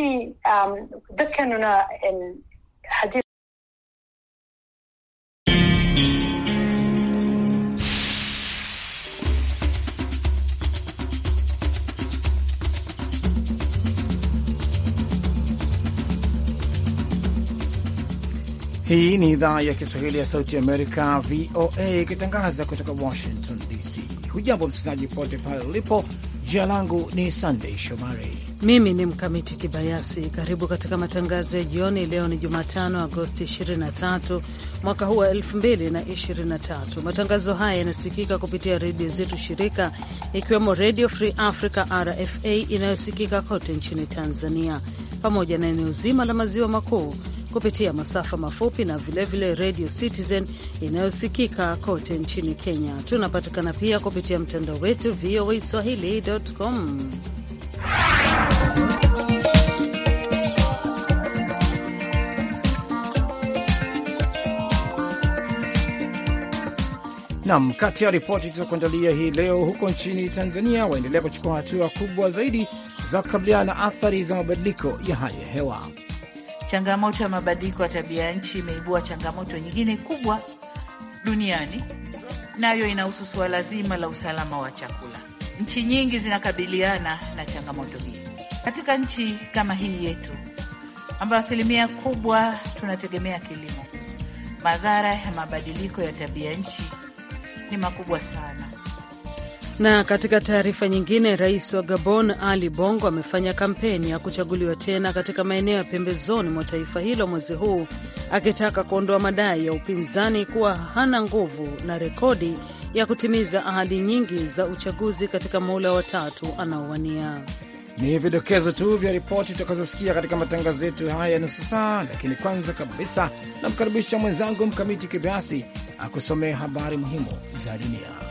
runtii dadkanuna Hii ni idhaa ya Kiswahili ya Sauti Amerika, VOA, ikitangaza kutoka Washington DC. Hujambo msikilizaji pote pale ulipo. Jina langu ni Sandei Shomari mimi ni Mkamiti Kibayasi. Karibu katika matangazo ya jioni. Leo ni Jumatano, Agosti 23 mwaka huu wa 2023. Matangazo haya yanasikika kupitia redio zetu shirika, ikiwemo Redio Free Africa RFA inayosikika kote nchini Tanzania pamoja na eneo zima la maziwa makuu kupitia masafa mafupi na vilevile Radio Citizen inayosikika kote nchini Kenya. Tunapatikana pia kupitia mtandao wetu VOA swahili.com. Nam, kati ya ripoti tulizokuandalia hii leo, huko nchini Tanzania waendelea kuchukua hatua kubwa zaidi za kukabiliana na athari za mabadiliko ya hali ya hewa. Changamoto ya mabadiliko ya tabia ya nchi imeibua changamoto nyingine kubwa duniani, nayo inahusu suala zima la usalama wa chakula. Nchi nyingi zinakabiliana na changamoto hii katika nchi kama hii yetu ambayo asilimia kubwa tunategemea kilimo, madhara ya mabadiliko ya tabia nchi ni makubwa sana. Na katika taarifa nyingine, rais wa Gabon Ali Bongo amefanya kampeni ya kuchaguliwa tena katika maeneo ya pembezoni mwa taifa hilo mwezi huu, akitaka kuondoa madai ya upinzani kuwa hana nguvu na rekodi ya kutimiza ahadi nyingi za uchaguzi katika muhula watatu anaowania. Ni vidokezo tu vya ripoti utakazosikia katika matangazo yetu haya nusu saa, lakini kwanza kabisa namkaribisha mwenzangu Mkamiti Kibayasi akusomee habari muhimu za dunia.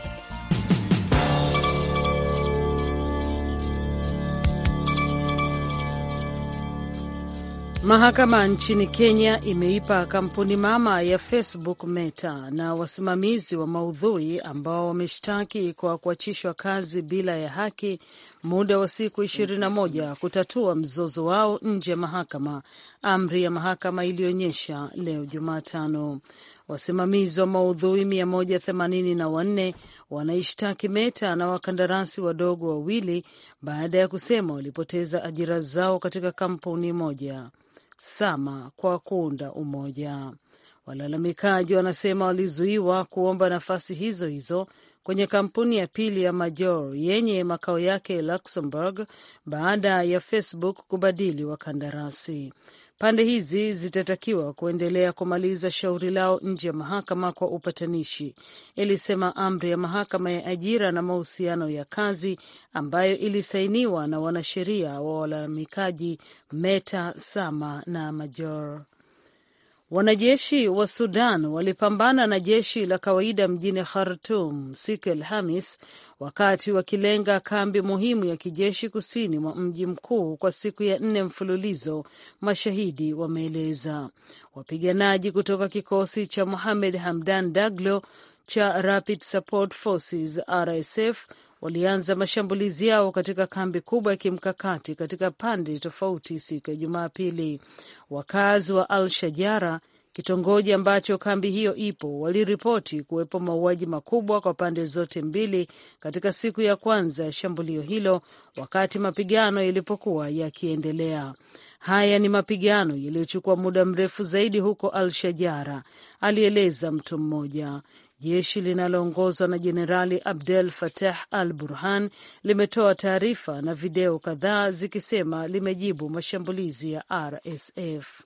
Mahakama nchini Kenya imeipa kampuni mama ya Facebook Meta na wasimamizi wa maudhui ambao wameshtaki kwa kuachishwa kazi bila ya haki muda wa siku 21 kutatua mzozo wao nje ya mahakama, amri ya mahakama ilionyesha leo Jumatano. Wasimamizi wa maudhui 184 wanaishtaki Meta na wakandarasi wadogo wawili baada ya kusema walipoteza ajira zao katika kampuni moja. Sama kwa kuunda umoja. Walalamikaji wanasema walizuiwa kuomba nafasi hizo hizo kwenye kampuni ya pili ya Major yenye makao yake Luxembourg baada ya Facebook kubadili wakandarasi. Pande hizi zitatakiwa kuendelea kumaliza shauri lao nje ya mahakama kwa upatanishi, ilisema amri ya mahakama ya ajira na mahusiano ya kazi ambayo ilisainiwa na wanasheria wa walalamikaji Meta Sama na Major. Wanajeshi wa Sudan walipambana na jeshi la kawaida mjini Khartum siku ya Alhamis wakati wakilenga kambi muhimu ya kijeshi kusini mwa mji mkuu kwa siku ya nne mfululizo, mashahidi wameeleza. Wapiganaji kutoka kikosi cha Mohamed Hamdan Daglo cha Rapid Support Forces RSF walianza mashambulizi yao katika kambi kubwa ya kimkakati katika pande tofauti siku ya Jumapili. Wakazi wa Al Shajara, kitongoji ambacho kambi hiyo ipo, waliripoti kuwepo mauaji makubwa kwa pande zote mbili katika siku ya kwanza ya shambulio hilo, wakati mapigano yalipokuwa yakiendelea. Haya ni mapigano yaliyochukua muda mrefu zaidi huko Al Shajara, alieleza mtu mmoja. Jeshi linaloongozwa na Jenerali Abdel Fattah al Burhan limetoa taarifa na video kadhaa zikisema limejibu mashambulizi ya RSF.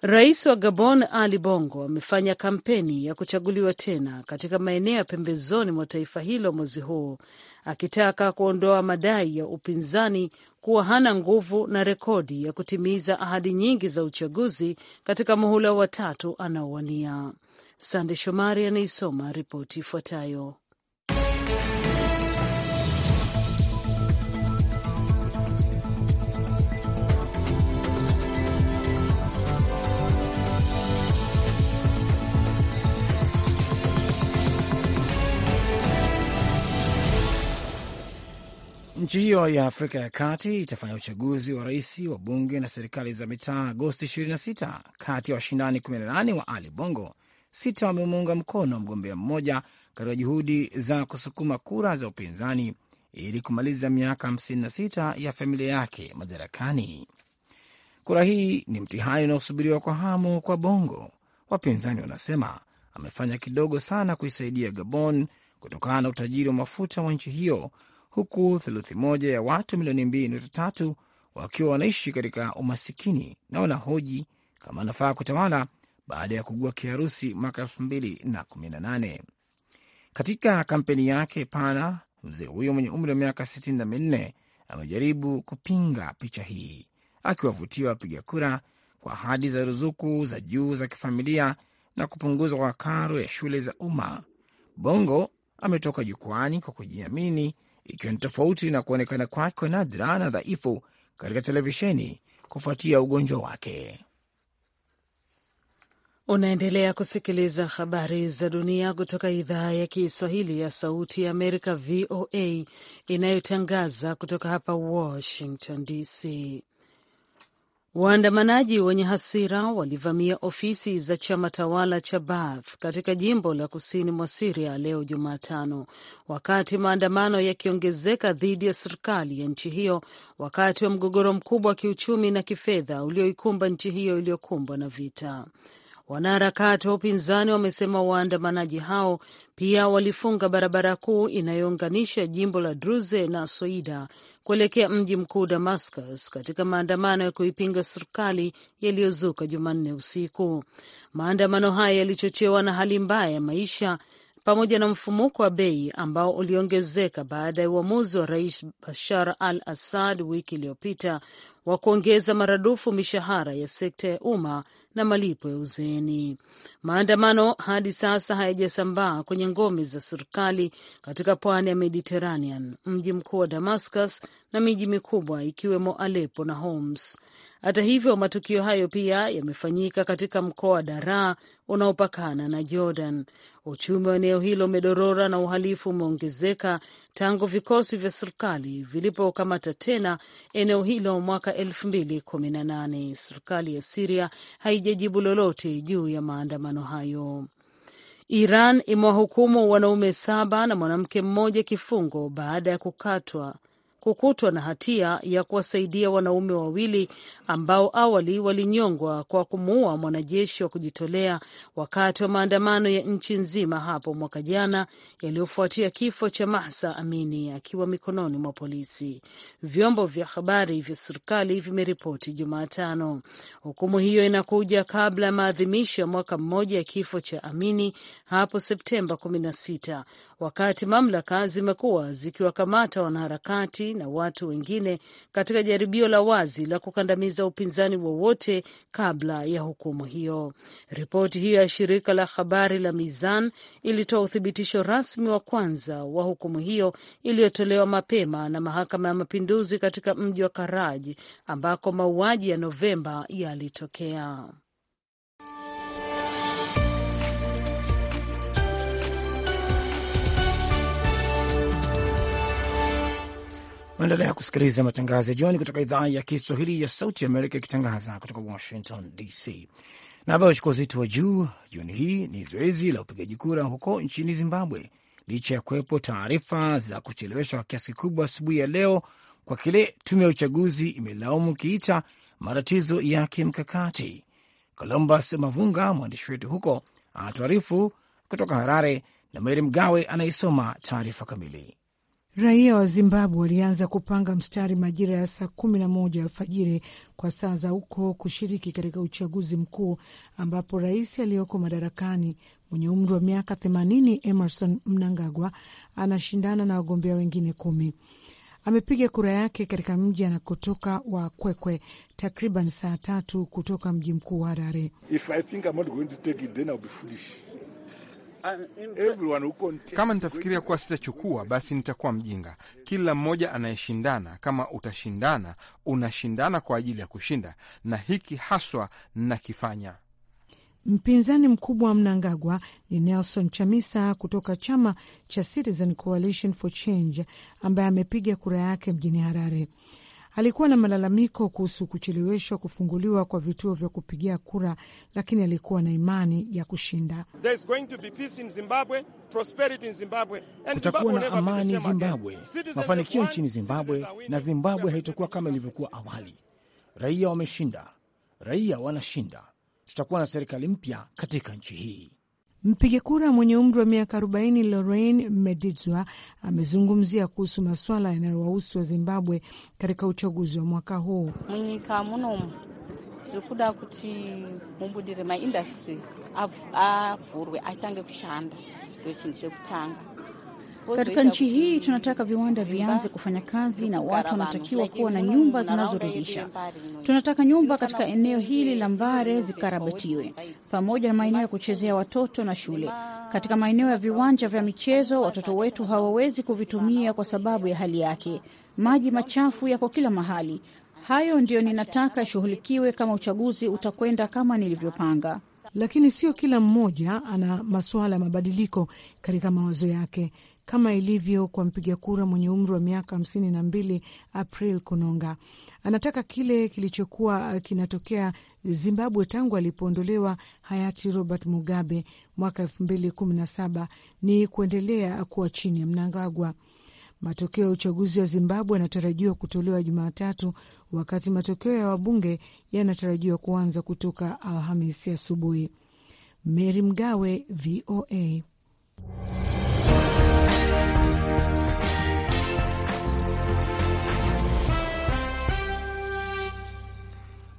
Rais wa Gabon Ali Bongo amefanya kampeni ya kuchaguliwa tena katika maeneo ya pembezoni mwa taifa hilo mwezi huu, akitaka kuondoa madai ya upinzani kuwa hana nguvu na rekodi ya kutimiza ahadi nyingi za uchaguzi katika muhula wa tatu anaowania. Sande Shomari anaisoma ripoti ifuatayo. Nchi hiyo ya Afrika ya Kati itafanya uchaguzi wa rais wa bunge na serikali za mitaa Agosti 26 kati ya wa washindani 18 wa Ali Bongo sita wamemuunga mkono mgombea mmoja katika juhudi za kusukuma kura za upinzani ili kumaliza miaka 56 ya familia yake madarakani. Kura hii ni mtihani unaosubiriwa kwa hamu kwa Bongo, wapinzani wanasema amefanya kidogo sana kuisaidia Gabon kutokana na utajiri wa mafuta wa nchi hiyo, huku theluthi moja ya watu milioni mbili nukta tatu wakiwa wanaishi katika umasikini na wanahoji kama anafaa kutawala baada ya kugua kiharusi mwaka nane. Katika kampeni yake pana, mzee huyo mwenye umri wa miaka minne amejaribu kupinga picha hii, akiwavutia wapiga kura kwa ahadi za ruzuku za juu za kifamilia na kupunguzwa kwa karo ya shule za umma. Bongo ametoka jukwani kwa kujiamini, ikiwa ni tofauti na kuonekana kwake kwa nadra na dhaifu katika televisheni kufuatia ugonjwa wake. Unaendelea kusikiliza habari za dunia kutoka idhaa ya Kiswahili ya Sauti ya Amerika, VOA, inayotangaza kutoka hapa Washington DC. Waandamanaji wenye hasira walivamia ofisi za chama tawala cha Baath katika jimbo la kusini mwa Siria leo Jumatano, wakati maandamano yakiongezeka dhidi ya serikali ya nchi hiyo wakati wa mgogoro mkubwa wa kiuchumi na kifedha ulioikumba nchi hiyo iliyokumbwa na vita. Wanaharakati wa upinzani wamesema waandamanaji hao pia walifunga barabara kuu inayounganisha jimbo la Druze na Soida kuelekea mji mkuu Damascus katika maandamano ya kuipinga serikali yaliyozuka Jumanne usiku. Maandamano haya yalichochewa na hali mbaya ya maisha pamoja na mfumuko wa bei ambao uliongezeka baada ya uamuzi wa Rais Bashar al Assad wiki iliyopita wa kuongeza maradufu mishahara ya sekta ya umma na malipo ya uzeeni. Maandamano hadi sasa hayajasambaa kwenye ngome za serikali katika pwani ya Mediterranean, mji mkuu wa Damascus na miji mikubwa ikiwemo Aleppo na Homs. Hata hivyo, matukio hayo pia yamefanyika katika mkoa wa Daraa unaopakana na Jordan. Uchumi wa eneo hilo umedorora na uhalifu umeongezeka tangu vikosi vya serikali vilipokamata tena eneo hilo mwaka 2018. Serikali ya Siria haijajibu lolote juu ya maandamano hayo. Iran imewahukumu wanaume saba na mwanamke mmoja kifungo baada ya kukatwa kukutwa na hatia ya kuwasaidia wanaume wawili ambao awali walinyongwa kwa kumuua mwanajeshi wa kujitolea wakati wa maandamano ya nchi nzima hapo mwaka jana yaliyofuatia kifo cha Mahsa Amini akiwa mikononi mwa polisi, vyombo vya habari vya serikali vimeripoti Jumatano. Hukumu hiyo inakuja kabla ya maadhimisho ya mwaka mmoja ya kifo cha Amini hapo Septemba 16 wakati mamlaka zimekuwa zikiwakamata wanaharakati na watu wengine katika jaribio la wazi la kukandamiza upinzani wowote kabla ya hukumu hiyo. Ripoti hiyo ya shirika la habari la Mizan ilitoa uthibitisho rasmi wa kwanza wa hukumu hiyo iliyotolewa mapema na mahakama ya mapinduzi katika mji wa Karaj ambako mauaji ya Novemba yalitokea. Unaendelea kusikiliza matangazo ya jioni kutoka idhaa ya Kiswahili ya Sauti Amerika ikitangaza kutoka Washington DC. Na habari chukua uzito wa juu jioni hii ni zoezi la upigaji kura huko nchini Zimbabwe, licha ya kuwepo taarifa za kucheleweshwa kwa kiasi kikubwa asubuhi ya leo kwa kile tume ya uchaguzi imelaumu kiita matatizo ya kimkakati. Columbus Mavunga, mwandishi wetu huko, anatuarifu kutoka Harare na Meri Mgawe anaisoma taarifa kamili. Raia wa Zimbabwe walianza kupanga mstari majira ya saa kumi na moja alfajiri kwa saa za huko kushiriki katika uchaguzi mkuu ambapo rais aliyoko madarakani mwenye umri wa miaka themanini Emerson Mnangagwa anashindana na wagombea wengine kumi. Amepiga kura yake katika mji anakotoka wa Kwekwe, takriban saa tatu kutoka mji mkuu wa Harare. Kama nitafikiria kuwa sitachukua, basi nitakuwa mjinga. Kila mmoja anayeshindana, kama utashindana, unashindana kwa ajili ya kushinda, na hiki haswa nakifanya. Mpinzani mkubwa wa Mnangagwa ni Nelson Chamisa kutoka chama cha Citizen Coalition for Change ambaye amepiga kura yake mjini Harare. Alikuwa na malalamiko kuhusu kucheleweshwa kufunguliwa kwa vituo vya kupigia kura, lakini alikuwa na imani ya kushinda. Kutakuwa na amani Zimbabwe, mafanikio nchini Zimbabwe, na Zimbabwe haitakuwa kama ilivyokuwa awali. Raia wameshinda, raia wanashinda. Tutakuwa na serikali mpya katika nchi hii. Mpiga kura mwenye umri wa miaka 40 Lorraine Medidzwa amezungumzia kuhusu masuala yanayowahusu wa Zimbabwe katika uchaguzi wa mwaka huu. munyika munomu tirikuda kuti mubudire maindastry avhurwe achange kushanda ndo chinhu chekutanga Katika nchi hii tunataka viwanda vianze kufanya kazi na watu wanatakiwa kuwa na nyumba zinazoridhisha. Tunataka nyumba katika eneo hili la Mbare zikarabatiwe, pamoja na maeneo ya kuchezea watoto na shule. Katika maeneo ya viwanja vya michezo, watoto wetu hawawezi kuvitumia kwa sababu ya hali yake. Maji machafu yako kila mahali. Hayo ndiyo ninataka ishughulikiwe kama uchaguzi utakwenda kama nilivyopanga. Lakini sio kila mmoja ana masuala ya mabadiliko katika mawazo yake kama ilivyo kwa mpiga kura mwenye umri wa miaka hamsini na mbili April Kononga. Anataka kile kilichokuwa kinatokea Zimbabwe tangu alipoondolewa hayati Robert Mugabe mwaka elfu mbili kumi na saba ni kuendelea kuwa chini ya Mnangagwa. Matokeo ya uchaguzi wa Zimbabwe yanatarajiwa kutolewa Jumatatu, wakati matokeo ya wabunge yanatarajiwa kuanza kutoka Alhamisi asubuhi. mery Mgawe, VOA.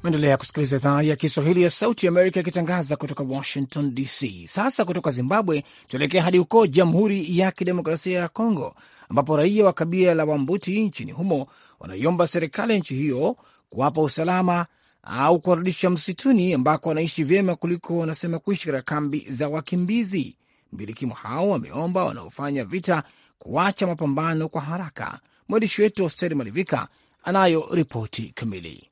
Maendelea kusikiliza idhaa ya Kiswahili ya Sauti Amerika ikitangaza kutoka Washington DC. Sasa kutoka Zimbabwe tuelekea hadi huko Jamhuri ya Kidemokrasia ya Kongo, ambapo raia wa kabila la Wambuti nchini humo wanaiomba serikali ya nchi hiyo kuwapa usalama au kuwarudisha msituni ambako wanaishi vyema kuliko wanasema kuishi katika kambi za wakimbizi. Mbilikimu hao wameomba wanaofanya vita kuacha mapambano kwa haraka. Mwandishi wetu Hosteri Malivika anayo ripoti kamili.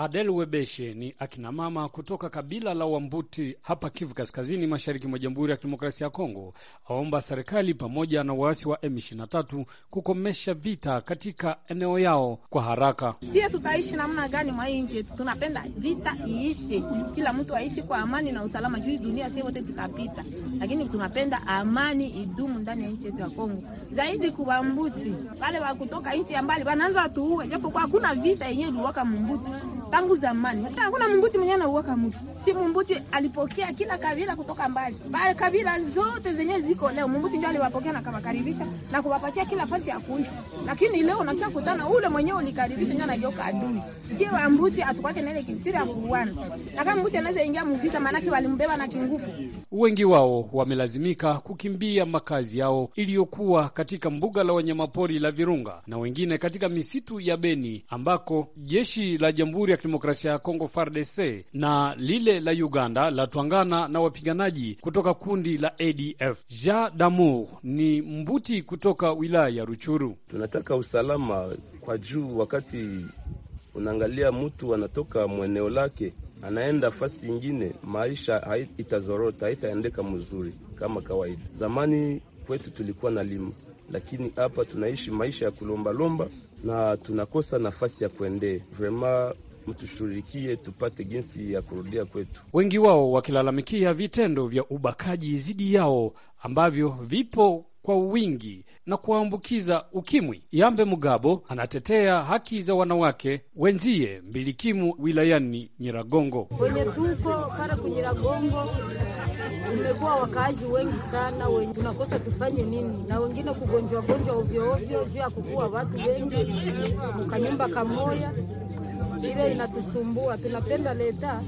Adel Webeshe ni akinamama kutoka kabila la Wambuti hapa Kivu Kaskazini, mashariki mwa Jamhuri ya Kidemokrasia ya Kongo, aomba serikali pamoja na waasi wa M23 kukomesha vita katika eneo yao kwa haraka. Sie tutaishi namna gani mwa nchi yetu? Tunapenda vita iishi, kila mtu aishi kwa amani na usalama juu dunia, sie wote tutapita, lakini tunapenda amani idumu ndani ya nchi yetu ya Kongo, zaidi kwa Wambuti wale wa kutoka nchi ya mbali wanaanza tuue, japo kwa hakuna vita yenyewe iliwaka Mumbuti tangu zamani. Hata hakuna mumbuti mwenyewe anauaka mtu, si mumbuti alipokea kila kabila kutoka mbali bali kabila zote zenye ziko leo, mumbuti ndio aliwapokea na kawakaribisha na kuwapatia kila nafasi ya kuishi. Lakini leo unakia kutana ule mwenye ulikaribisha ndio anageuka adui, sio mumbuti atukake na ile kitira ya kuuana. Na kama mumbuti anaweza ingia mvita, maana yake walimbeba na kingufu. Wengi wao wamelazimika kukimbia makazi yao iliyokuwa katika mbuga la wanyamapori la Virunga na wengine katika misitu ya Beni ambako jeshi la Jamhuri ya kidemokrasia ya Kongo FARDC na lile la Uganda latwangana na wapiganaji kutoka kundi la ADF. ja Damour ni mbuti kutoka wilaya ya Ruchuru. Tunataka usalama kwa juu, wakati unaangalia mtu anatoka mweneo lake anaenda fasi ingine, maisha itazorota, haitaendeka mzuri kama kawaida. Zamani kwetu tulikuwa na lima, lakini hapa tunaishi maisha ya kulombalomba na tunakosa nafasi ya kuendea vrema mtushughulikie tupate jinsi ya kurudia kwetu. Wengi wao wakilalamikia vitendo vya ubakaji dhidi yao ambavyo vipo kwa wingi na kuwaambukiza ukimwi. Yambe Mugabo anatetea haki za wanawake wenzie mbilikimu wilayani Nyiragongo. Kwenye tuko kara kunyiragongo umekuwa wakaaji wengi sana wengi, tunakosa tufanye nini, na wengine kugonjwagonjwa ovyoovyo juu ya kukuwa watu wengi mukanyumba kamoya ile inatusumbua. Tunapenda leta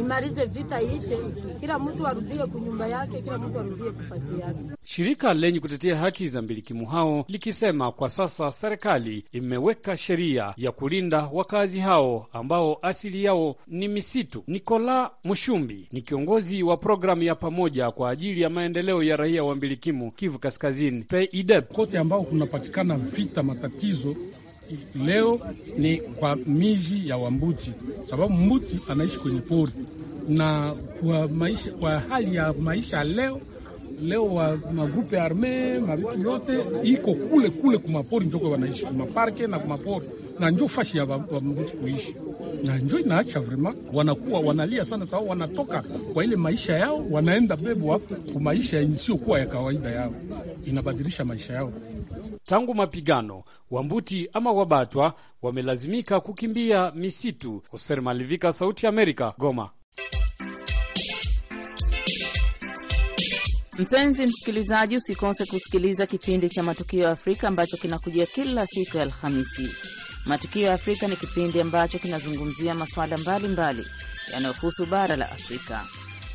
imalize vita ishe, kila mtu arudie kunyumba yake, kila mtu arudie kufasi yake. Shirika lenye kutetea haki za mbilikimu hao likisema kwa sasa serikali imeweka sheria ya kulinda wakazi hao ambao asili yao ni misitu. Nikola Mushumbi ni kiongozi wa programu ya pamoja kwa ajili ya maendeleo ya raia wa mbilikimu Kivu Kaskazini, PEIDEP. Kote ambao kunapatikana vita, matatizo leo ni kwa mizi ya Wambuti, sababu mbuti anaishi kwenye pori na kwa, maisha, kwa hali ya maisha leo leo wa magrupe ya arme mavitu yote iko kule kule kumapori, njoko wanaishi kumaparke na kumapori, na njo fashi ya wambuti kuishi, na njo inaacha vrema, wanakuwa wanalia sana, sababu wanatoka kwa ile maisha yao, wanaenda bebwa kumaisha isiyokuwa ya kawaida yao, inabadilisha maisha yao. Tangu mapigano, Wambuti ama Wabatwa wamelazimika kukimbia misitu. Hoser Malivika, Sauti ya Amerika, Goma. Mpenzi msikilizaji, usikose kusikiliza kipindi cha Matukio ya Afrika ambacho kinakujia kila siku ya Alhamisi. Matukio ya Afrika ni kipindi ambacho kinazungumzia masuala mbalimbali yanayohusu bara la Afrika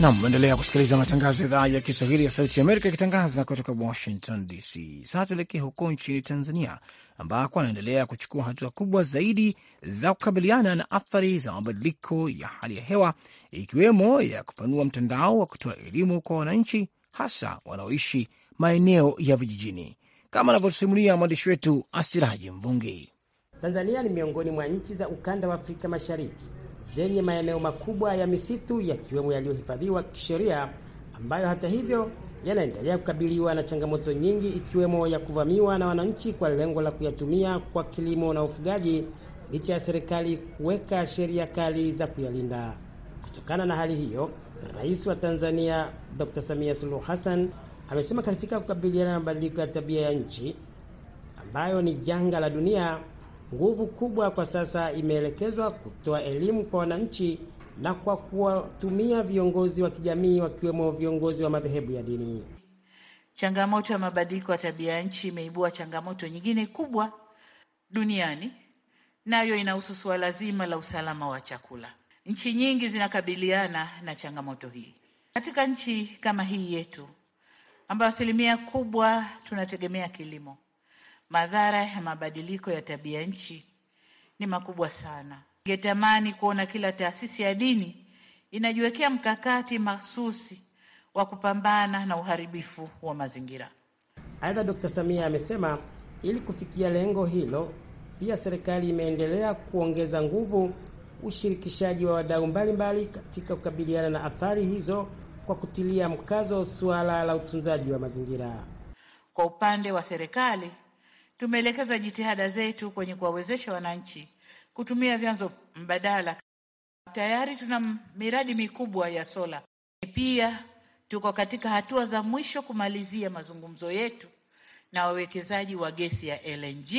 Nam endelea kusikiliza matangazo ya idhaa ya Kiswahili ya Sauti ya Amerika ikitangaza kutoka Washington DC. Sasa tuelekee huko nchini Tanzania, ambako anaendelea kuchukua hatua kubwa zaidi za kukabiliana na athari za mabadiliko ya hali ya hewa, ikiwemo ya kupanua mtandao wa kutoa elimu kwa wananchi, hasa wanaoishi maeneo ya vijijini, kama anavyotusimulia mwandishi wetu Asiraji Mvungi. Tanzania ni miongoni mwa nchi za ukanda wa Afrika Mashariki zenye maeneo makubwa ya misitu yakiwemo yaliyohifadhiwa kisheria ambayo hata hivyo yanaendelea kukabiliwa na changamoto nyingi ikiwemo ya kuvamiwa na wananchi kwa lengo la kuyatumia kwa kilimo na ufugaji licha ya serikali kuweka sheria kali za kuyalinda. Kutokana na hali hiyo, Rais wa Tanzania Dr. Samia Suluhu Hassan amesema katika kukabiliana na mabadiliko ya tabia ya nchi ambayo ni janga la dunia, Nguvu kubwa kwa sasa imeelekezwa kutoa elimu kwa wananchi na kwa kuwatumia viongozi wa kijamii wakiwemo viongozi wa madhehebu ya dini. Changamoto ya mabadiliko ya tabia ya nchi imeibua changamoto nyingine kubwa duniani, nayo inahusu suala zima la usalama wa chakula. Nchi nyingi zinakabiliana na changamoto hii. Katika nchi kama hii yetu ambayo asilimia kubwa tunategemea kilimo madhara ya mabadiliko ya tabia nchi ni makubwa sana. Ningetamani kuona kila taasisi ya dini inajiwekea mkakati mahsusi wa kupambana na uharibifu wa mazingira. Aidha, Dkt. Samia amesema ili kufikia lengo hilo, pia serikali imeendelea kuongeza nguvu ushirikishaji wa wadau mbalimbali katika kukabiliana na athari hizo kwa kutilia mkazo suala la utunzaji wa mazingira. Kwa upande wa serikali, tumeelekeza jitihada zetu kwenye kuwawezesha wananchi kutumia vyanzo mbadala. Tayari tuna miradi mikubwa ya sola. Pia tuko katika hatua za mwisho kumalizia mazungumzo yetu na wawekezaji wa gesi ya LNG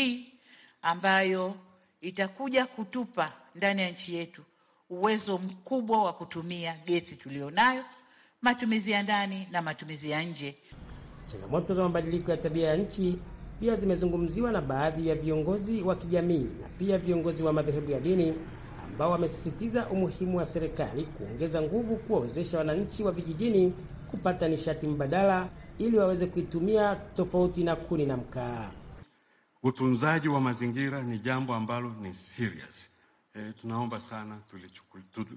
ambayo itakuja kutupa ndani ya nchi yetu uwezo mkubwa wa kutumia gesi nayo matumizi ya ndani na matumizi ya nje. Changamoto za mabadiliko ya tabia ya nchi pia zimezungumziwa na baadhi ya viongozi wa kijamii na pia viongozi wa madhehebu ya dini ambao wamesisitiza umuhimu wa serikali kuongeza nguvu kuwawezesha wananchi wa vijijini kupata nishati mbadala ili waweze kuitumia tofauti na kuni na mkaa. Utunzaji wa mazingira ni jambo ambalo ni serious. E, tunaomba sana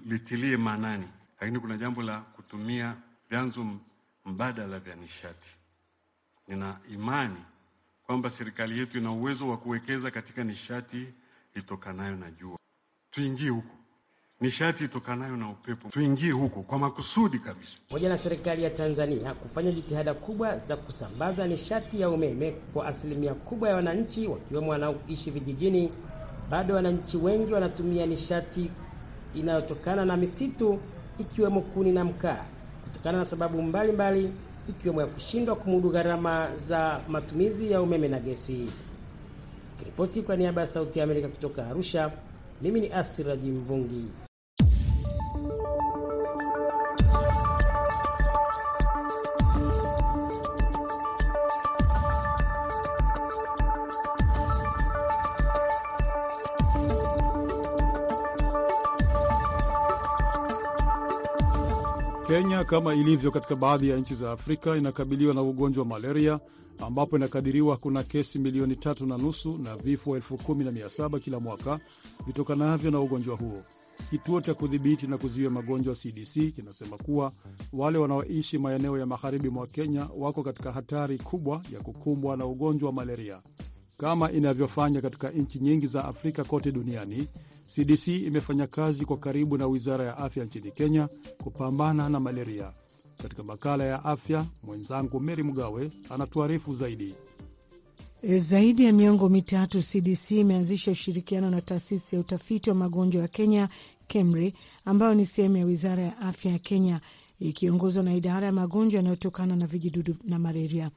tulitilie maanani, lakini kuna jambo la kutumia vyanzo mbadala vya nishati. Nina imani kwamba serikali yetu ina uwezo wa kuwekeza katika nishati itokanayo na jua. Tuingie huko, nishati itokanayo na upepo, tuingie huko kwa makusudi kabisa, pamoja na serikali ya Tanzania kufanya jitihada kubwa za kusambaza nishati ya umeme kwa asilimia kubwa ya wananchi, wakiwemo wanaoishi vijijini. Bado wananchi wengi wanatumia nishati inayotokana na misitu, ikiwemo kuni na mkaa, kutokana na sababu mbalimbali mbali, ikiwemo ya kushindwa kumudu gharama za matumizi ya umeme na gesi. Nikiripoti kwa niaba ya Sauti ya Amerika kutoka Arusha, mimi ni Asiraji Mvungi. Kenya kama ilivyo katika baadhi ya nchi za Afrika inakabiliwa na ugonjwa wa malaria ambapo inakadiriwa kuna kesi milioni tatu na nusu na vifo elfu kumi na mia saba kila mwaka vitokanavyo na ugonjwa huo. Kituo cha kudhibiti na kuzuia magonjwa CDC kinasema kuwa wale wanaoishi maeneo ya magharibi mwa Kenya wako katika hatari kubwa ya kukumbwa na ugonjwa wa malaria kama inavyofanya katika nchi nyingi za Afrika kote duniani. CDC imefanya kazi kwa karibu na wizara ya afya nchini Kenya kupambana na malaria. Katika makala ya afya, mwenzangu Meri Mgawe anatuarifu zaidi. E, zaidi ya miongo mitatu, CDC imeanzisha ushirikiano na taasisi ya utafiti wa magonjwa ya Kenya, KEMRI, ambayo ni sehemu ya wizara ya afya ya Kenya, ikiongozwa na idara ya magonjwa yanayotokana na vijidudu na malaria.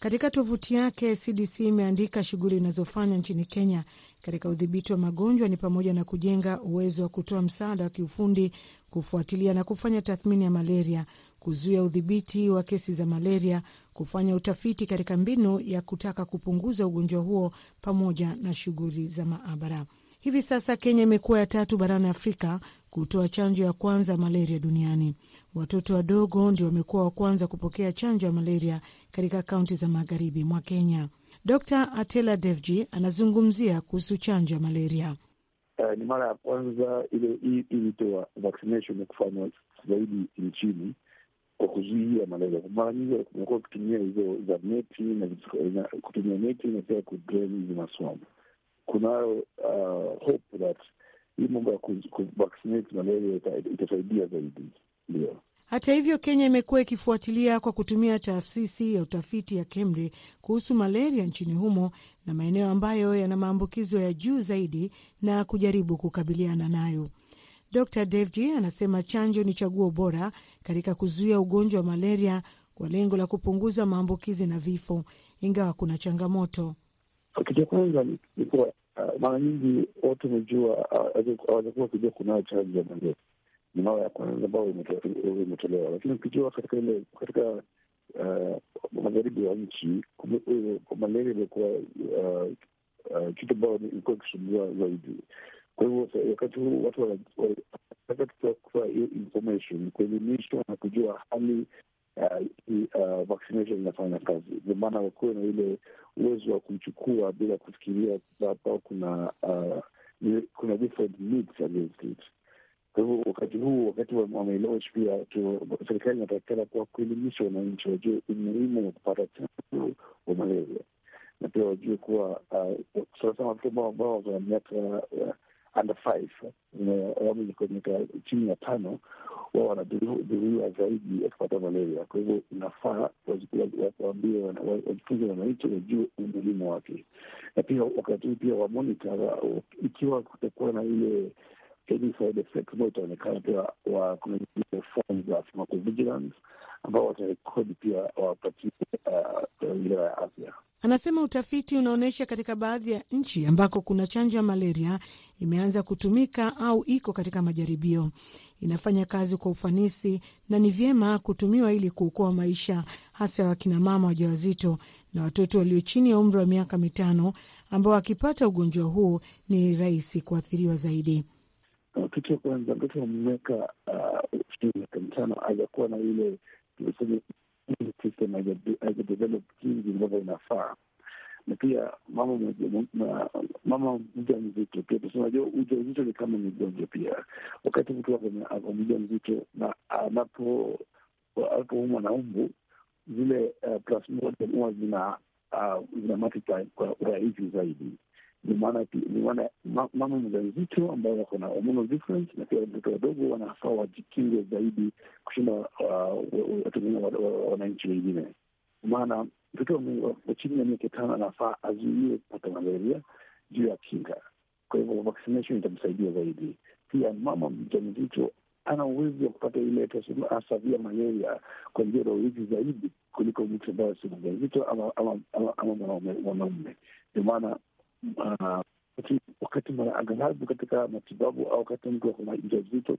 Katika tovuti yake, CDC imeandika shughuli inazofanya nchini Kenya katika udhibiti wa magonjwa ni pamoja na kujenga uwezo wa kutoa msaada wa kiufundi, kufuatilia na kufanya tathmini ya malaria, kuzuia udhibiti wa kesi za malaria, kufanya utafiti katika mbinu ya kutaka kupunguza ugonjwa huo, pamoja na shughuli za maabara. Hivi sasa Kenya imekuwa ya tatu barani Afrika kutoa chanjo ya kwanza ya malaria duniani. Watoto wadogo ndio wamekuwa wa kwanza kupokea chanjo ya malaria katika kaunti za magharibi mwa Kenya. Dr Atela Devji anazungumzia kuhusu chanjo ya malaria. Uh, ni mara ya kwanza ile hii ilitoa vaccination ya kufanywa zaidi nchini kwa kuzuia malaria. Mara nyingi kumekuwa kutumia hizo za neti na kutumia neti na pia kudrain hizi maswamu. Kunayo uh, hope that hii mambo ya kuvaccinate malaria itasaidia zaidi, ndio. Hata hivyo, Kenya imekuwa ikifuatilia kwa kutumia taasisi ya utafiti ya KEMRI kuhusu malaria nchini humo na maeneo ambayo yana maambukizo ya juu zaidi na kujaribu kukabiliana nayo. Dr Davji anasema chanjo ni chaguo bora katika kuzuia ugonjwa wa malaria kwa lengo la kupunguza maambukizi na vifo, ingawa kuna changamoto. Kitu cha kwanza ni kuwa Uh, mara nyingi watu wamejua uh, hawajakuwa wakijua kunayo chanjo ya malaria, ni mara ya kwanza ambayo imetolewa, lakini ukijua katika ile katika uh, magharibi ya nchi malaria imekuwa kitu ambayo ilikuwa ikisumbua zaidi. Kwa hivyo wakati huu watu wanataka kutoa information, kuelimishwa na kujua hali Uh, uh, vaccination inafanya kazi, ndio maana wakuwe na ile uwezo wa kumchukua bila kufikiria hapa kuna uh, kuna different needs against it. Kwa hivyo wakati huu, wakati wameilaunch pia, serikali inatakikana kuwa kuelimisha wananchi wajue umuhimu wa kupata chanjo wa malaria na pia wajue kuwa uh, sanasana watoto ambao wana miaka uh, under five, kwenye miaka chini ya tano wao wanadhuriwa zaidi wakipata malaria. Kwa hivyo inafaa waambie, wajifunze wananchi, wajue umuhimu wake, na pia wakati huu pia wamonita, ikiwa kutakuwa na ile ambayo itaonekana pia kuna zile za pharmacovigilance ambao watarekodi pia wapatie wizara uh, uh, ya afya. Anasema utafiti unaonyesha katika baadhi ya nchi ambako kuna chanjo ya malaria imeanza kutumika au iko katika majaribio. Inafanya kazi kwa ufanisi na ni vyema kutumiwa ili kuokoa maisha, hasa ya wakinamama wajawazito na watoto walio chini ya umri wa miaka mitano, ambao wakipata ugonjwa huu ni rahisi kuathiriwa zaidi. Kitu ya kwanza, mtoto wa miaka uh, miaka mitano hajakuwa na ile tunasema, jinsi ambavyo inafaa na pia mama mama mja mzito pia tunasema uja mzito ni kama ni ugonjwa pia. Wakati mtu ako mja mzito na anapo anapoumwa na umbu, zile eh, plasmodium huwa zina ah, zina multiply kwa urahisi zaidi. Ni maana mama mja mzito ambayo wako na hormonal difference na pia watoto wadogo wanafaa wajikinge zaidi kushinda ah, watu wengine, wananchi wengine maana mtoto wa chini ya miaka tano anafaa azuiwe kupata malaria juu ya kinga. Kwa hivyo vaccination itamsaidia zaidi. Pia mama mja mzito ana uwezo wa kupata ile savia malaria kwa njia rahisi zaidi kuliko mtu ambaye si mzito ama mwanaume. Ndio maana ah, wakati aghalabu katika matibabu au wakati mtu ako mjamzito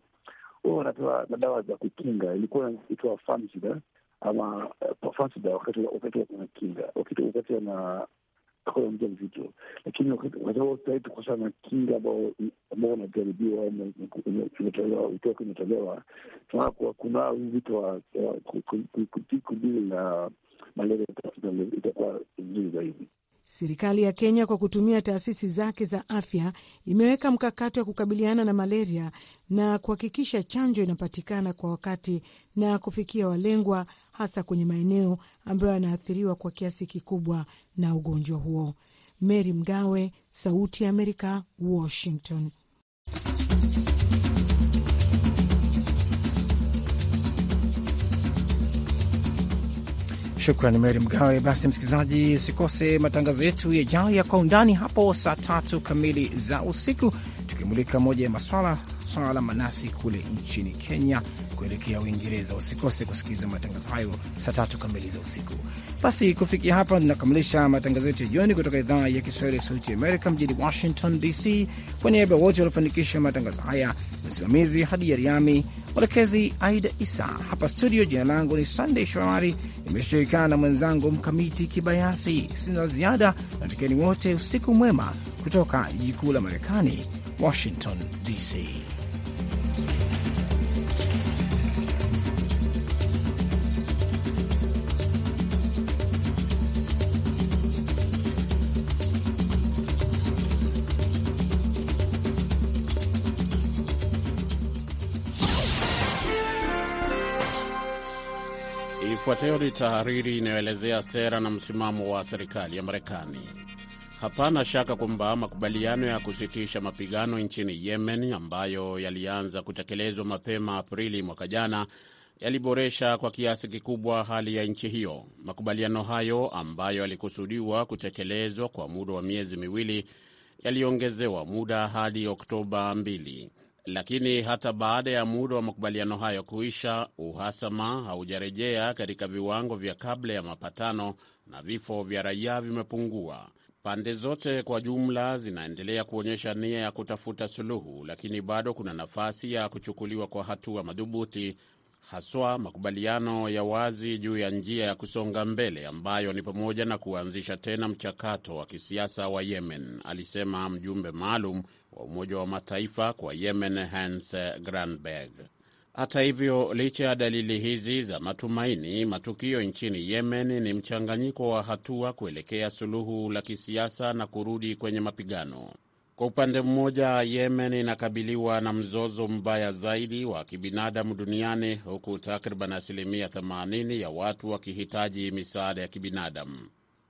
huwa wanapewa dawa za kukinga, ilikuwa inaitwa famsida ama Zanzibar wakati wakati wa kinga wakati wakati ana kuingia mzito, lakini wakati huo tayari kukosa na kinga ambao unajaribiwa utoke umetolewa, tunaona kuwa kuna wito wa kudili na malaria itakuwa vizuri zaidi. Serikali ya Kenya kwa kutumia taasisi zake za afya imeweka mkakati wa kukabiliana na malaria na kuhakikisha chanjo inapatikana kwa wakati na kufikia walengwa hasa kwenye maeneo ambayo yanaathiriwa kwa kiasi kikubwa na ugonjwa huo. Mary Mgawe, Sauti ya Amerika, Washington. Shukran Meri Mgawe. Basi msikilizaji, usikose matangazo yetu yajayo ya Kwa Undani hapo saa tatu kamili za usiku, tukimulika moja ya maswala swala la manasi kule nchini Kenya kuelekea Uingereza. Usikose kusikiliza matangazo hayo saa tatu kamili za usiku. Basi kufikia hapa, tunakamilisha matangazo yetu ya jioni kutoka idhaa ya Kiswahili ya Sauti Amerika mjini Washington DC. Kwa niaba ya wote waliofanikisha matangazo haya, msimamizi hadi Yariami, mwelekezi Aida Isa hapa studio. Jina langu ni Sandey Shomari, imeshirikana na mwenzangu Mkamiti Kibayasi. Sina ziada na wote usiku mwema kutoka jiji kuu la Marekani, Washington DC. Ifuatayo ni tahariri inayoelezea sera na msimamo wa serikali ya Marekani. Hapana shaka kwamba makubaliano ya kusitisha mapigano nchini Yemen ambayo yalianza kutekelezwa mapema Aprili mwaka jana yaliboresha kwa kiasi kikubwa hali ya nchi hiyo. Makubaliano hayo ambayo yalikusudiwa kutekelezwa kwa muda wa miezi miwili yaliongezewa muda hadi Oktoba 2. Lakini hata baada ya muda wa makubaliano hayo kuisha, uhasama haujarejea katika viwango vya kabla ya mapatano na vifo vya raia vimepungua. Pande zote kwa jumla zinaendelea kuonyesha nia ya kutafuta suluhu, lakini bado kuna nafasi ya kuchukuliwa kwa hatua madhubuti haswa makubaliano ya wazi juu ya njia ya kusonga mbele ambayo ni pamoja na kuanzisha tena mchakato wa kisiasa wa Yemen, alisema mjumbe maalum wa Umoja wa Mataifa kwa Yemen Hans Granberg. Hata hivyo, licha ya dalili hizi za matumaini, matukio nchini Yemen ni mchanganyiko wa hatua kuelekea suluhu la kisiasa na kurudi kwenye mapigano. Kwa upande mmoja, Yemen inakabiliwa na mzozo mbaya zaidi wa kibinadamu duniani huku takriban asilimia 80 ya watu wakihitaji misaada ya kibinadamu.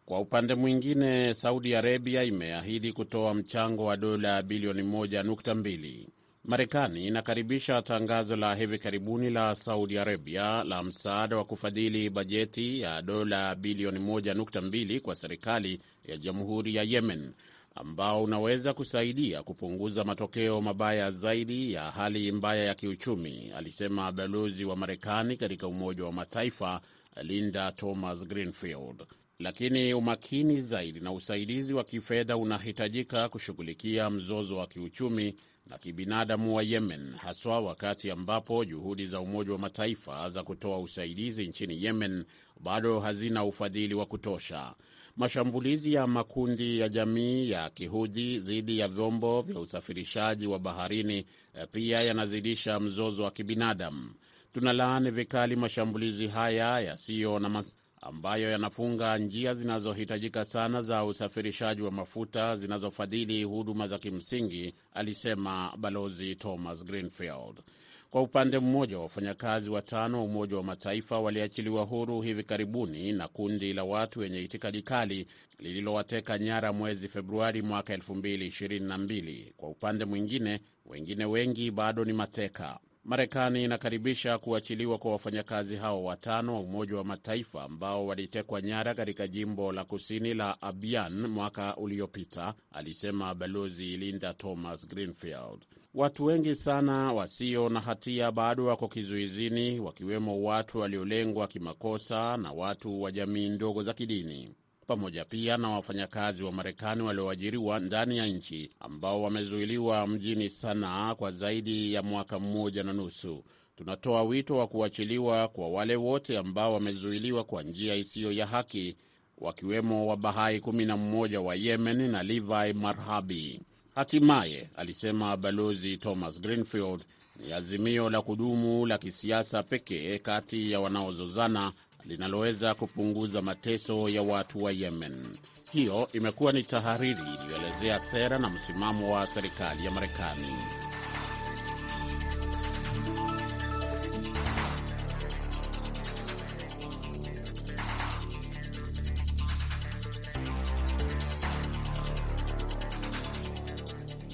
Kwa upande mwingine, Saudi Arabia imeahidi kutoa mchango wa dola bilioni 1.2. Marekani inakaribisha tangazo la hivi karibuni la Saudi Arabia la msaada wa kufadhili bajeti ya dola bilioni 1.2 kwa serikali ya jamhuri ya Yemen ambao unaweza kusaidia kupunguza matokeo mabaya zaidi ya hali mbaya ya kiuchumi, alisema balozi wa Marekani katika Umoja wa Mataifa Linda Thomas Greenfield. Lakini umakini zaidi na usaidizi wa kifedha unahitajika kushughulikia mzozo wa kiuchumi na kibinadamu wa Yemen, haswa wakati ambapo juhudi za Umoja wa Mataifa za kutoa usaidizi nchini Yemen bado hazina ufadhili wa kutosha. Mashambulizi ya makundi ya jamii ya kihudhi dhidi ya vyombo vya usafirishaji wa baharini eh, pia yanazidisha mzozo wa kibinadamu. Tunalaani vikali mashambulizi haya yasiyo na mas ambayo yanafunga njia zinazohitajika sana za usafirishaji wa mafuta zinazofadhili huduma za kimsingi, alisema Balozi Thomas Greenfield. Kwa upande mmoja, wafanyakazi watano wa Umoja wa Mataifa waliachiliwa huru hivi karibuni na kundi la watu wenye itikadi kali lililowateka nyara mwezi Februari mwaka 2022. Kwa upande mwingine, wengine wengi bado ni mateka. Marekani inakaribisha kuachiliwa kwa wafanyakazi hao watano wa Umoja wa Mataifa ambao walitekwa nyara katika jimbo la kusini la Abyan mwaka uliopita, alisema Balozi Linda Thomas Greenfield watu wengi sana wasio na hatia bado wako kizuizini, wakiwemo watu waliolengwa kimakosa na watu wa jamii ndogo za kidini, pamoja pia na wafanyakazi wa Marekani walioajiriwa ndani ya nchi ambao wamezuiliwa mjini Sanaa kwa zaidi ya mwaka mmoja na nusu. Tunatoa wito wa kuachiliwa kwa wale wote ambao wamezuiliwa kwa njia isiyo ya haki, wakiwemo Wabahai 11 wa Yemen na Levi Marhabi. Hatimaye, alisema Balozi Thomas Greenfield, ni azimio la kudumu la kisiasa pekee kati ya wanaozozana linaloweza kupunguza mateso ya watu wa Yemen. Hiyo imekuwa ni tahariri iliyoelezea sera na msimamo wa serikali ya Marekani.